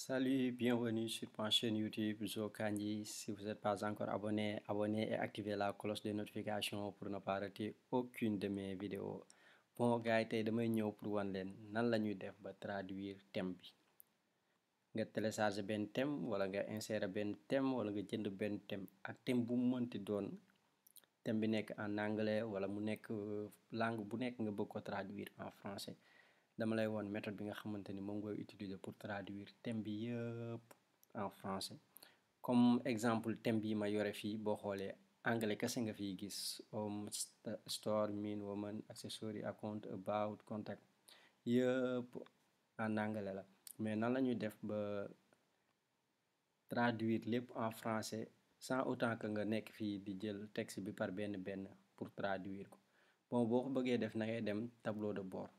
Salut, bienvenue sur ma chaîne YouTube Zokanji. Si vous n'êtes pas encore abonné, abonnez et activez la cloche de notification pour ne pas rater aucune de mes vidéos. damay ñëw pour wan leen nan la ñuy def ba traduire thème bi nga télécharger benn thème wala nga insérer benn thème wala nga jënd benn thème ak thème bu mu mënti doon thème bi nekk en anglais wala mu nekk langue bu nekk nga bëgg ko traduire en français. dama lay woon méthode bi nga xamante ni moom ngay utiliser pour traduire thème bi yëpp en français comme exemple thème bi ma yore fii boo xoolee anglais kese nga fi gis home store mean woman accessory account about contact yëpp en anglais la mais nan la ñuy def ba traduire lépp en français sans autant que nga nekk fii di jël texte bi par benn benn pour traduire ko bon boo ko bëggee def na ngay dem tableau de bord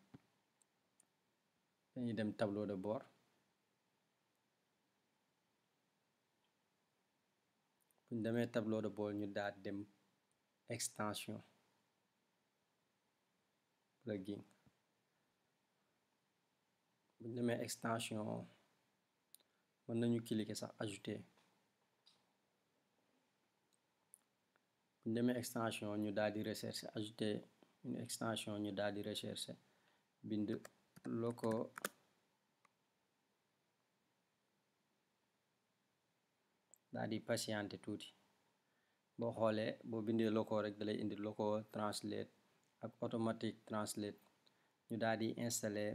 dañuy dem tableau de bord bu ñu demee tableau de bord ñu daal dem extension plugin bu ñu demee extension mën nañu cliquer sax ajouté bu ñu demee extension ñu daal di recherche ajouter une extension ñu daal di recherche bind loco daal di tuuti boo xoolee boo bindee locaux rek dalay indi locaux translate ak automatique translate ñu daal di installé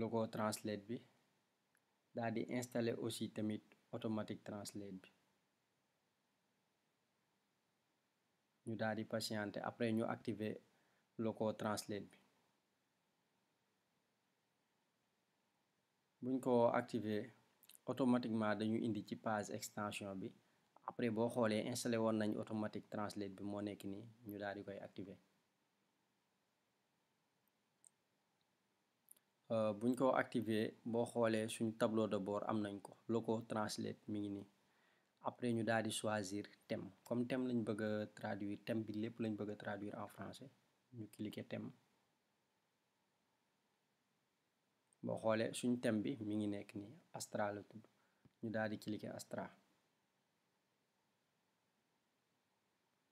locaux translate bi daal di installé aussi tamit automatique translate bi ñu daal di patienté après ñu active locaux translate bi buñ ko active automatiquement dañu indi ci page extension bi après boo xoolee installé woon nañ automatic translate bi moo nekk nii ñu daal di koy activer euh, buñ ko activer boo xoolee suñu tableau de bord am nañ ko loco translate mi ngi nii après ñu daal di choisir thème comme thème lañ bëgg a traduire thème bi lépp lañ bëgg a traduire en français ñu cliquer thème boo xoolee suñ thème bi mi ngi nekk nii astra la tudd ñu daal di cliquer astra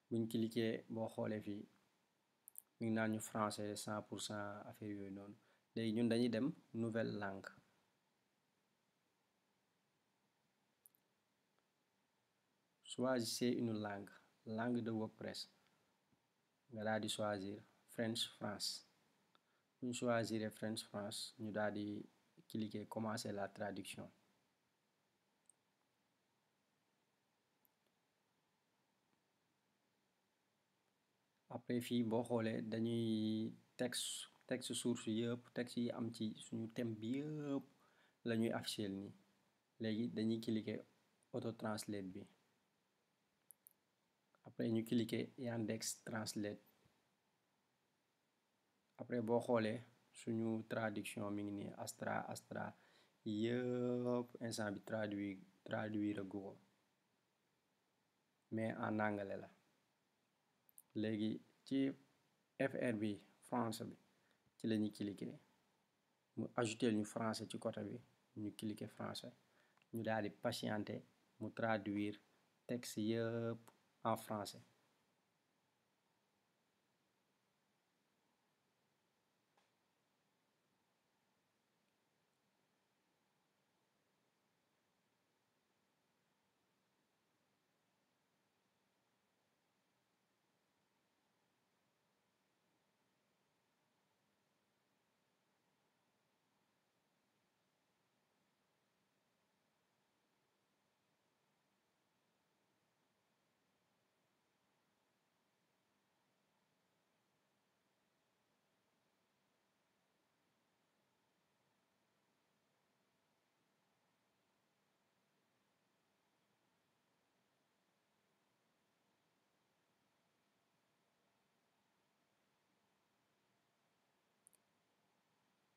buñ cliquer boo xoolee fii mi ngi naan ñu français cent pour cent affaire yooyu noonu léegi ñun dañuy dem nouvelle langue choisissez une langue langue de WordPress nga daal di choisir French France ñu choisir French France ñu daal di cliquer commencer la traduction après fii boo xoolee dañuy texte texte source yëpp texte yi am ci suñu thème bi yëpp la ñuy afficher léegi dañuy cliquer auto translate bi après ñu cliquer Yandex translate après boo xoolee suñu traduction mi ngi nii astra astra yëpp instant bi traduire traduire gu ko mais en anglais la léegi ci fr bi français bi ci la ñuy cliquer mu ajouter ñu français ci côté bi ñu cliquer français ñu daal di patienter mu traduire texte yëpp en français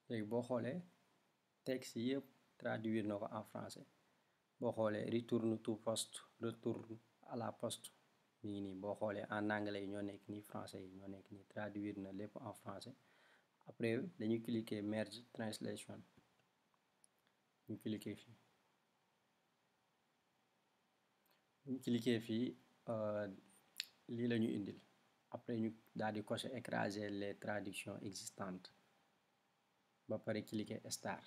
léegi boo xoolee texte yëpp traduire na ko en français boo xoolee retourne to poste retourne à la poste ñu ngi nii boo xoolee en anglais yi ñoo nekk nii français yi ñoo nekk nii traduire na lépp en français après dañu cliquer merge translation ñu cliquer fii ñu cliquer fii euh, lii la ñu indil après ñu daal di cocher écraser les traductions existantes ba pare cliquer star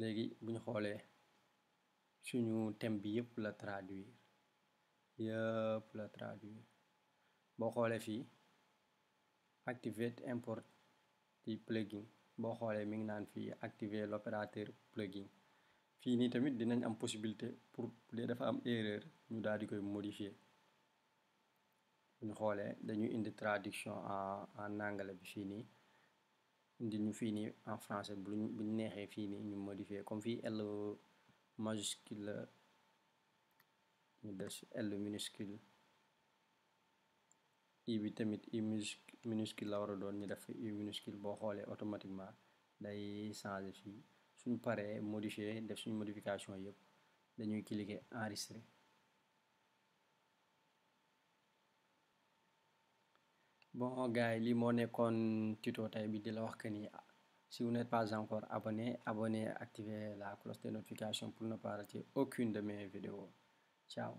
léegi bu ñu xoolee suñu thème bi yëpp la traduire yëpp la traduire boo xoolee fii activate import di plugin boo xoolee mi ngi naan fii activer l'opérateur plugin fii nii tamit dinañ am possibilité pour bu dee dafa am erreur ñu daal di koy modifier ñu xoolee dañuy indi traduction en en anglais bi fii nii indi ñu fii nii en français buñ buñ neexee fii nii ñu modifier comme fii L majuscule la ñu des L minuscule i bi tamit i minuscule la war a doon ñu def i minuscule boo xoolee automatiquement day changer fii suñ paree modifier def suñu modification yëpp dañuy en enregistrer bon gars yi lii moo nekkoon tuto tey bi di la wax que ni ah, si vous n'êtes pas encore abonné abonnez activez la cloche de notification pour ne pas rater aucune de main vidéos ciao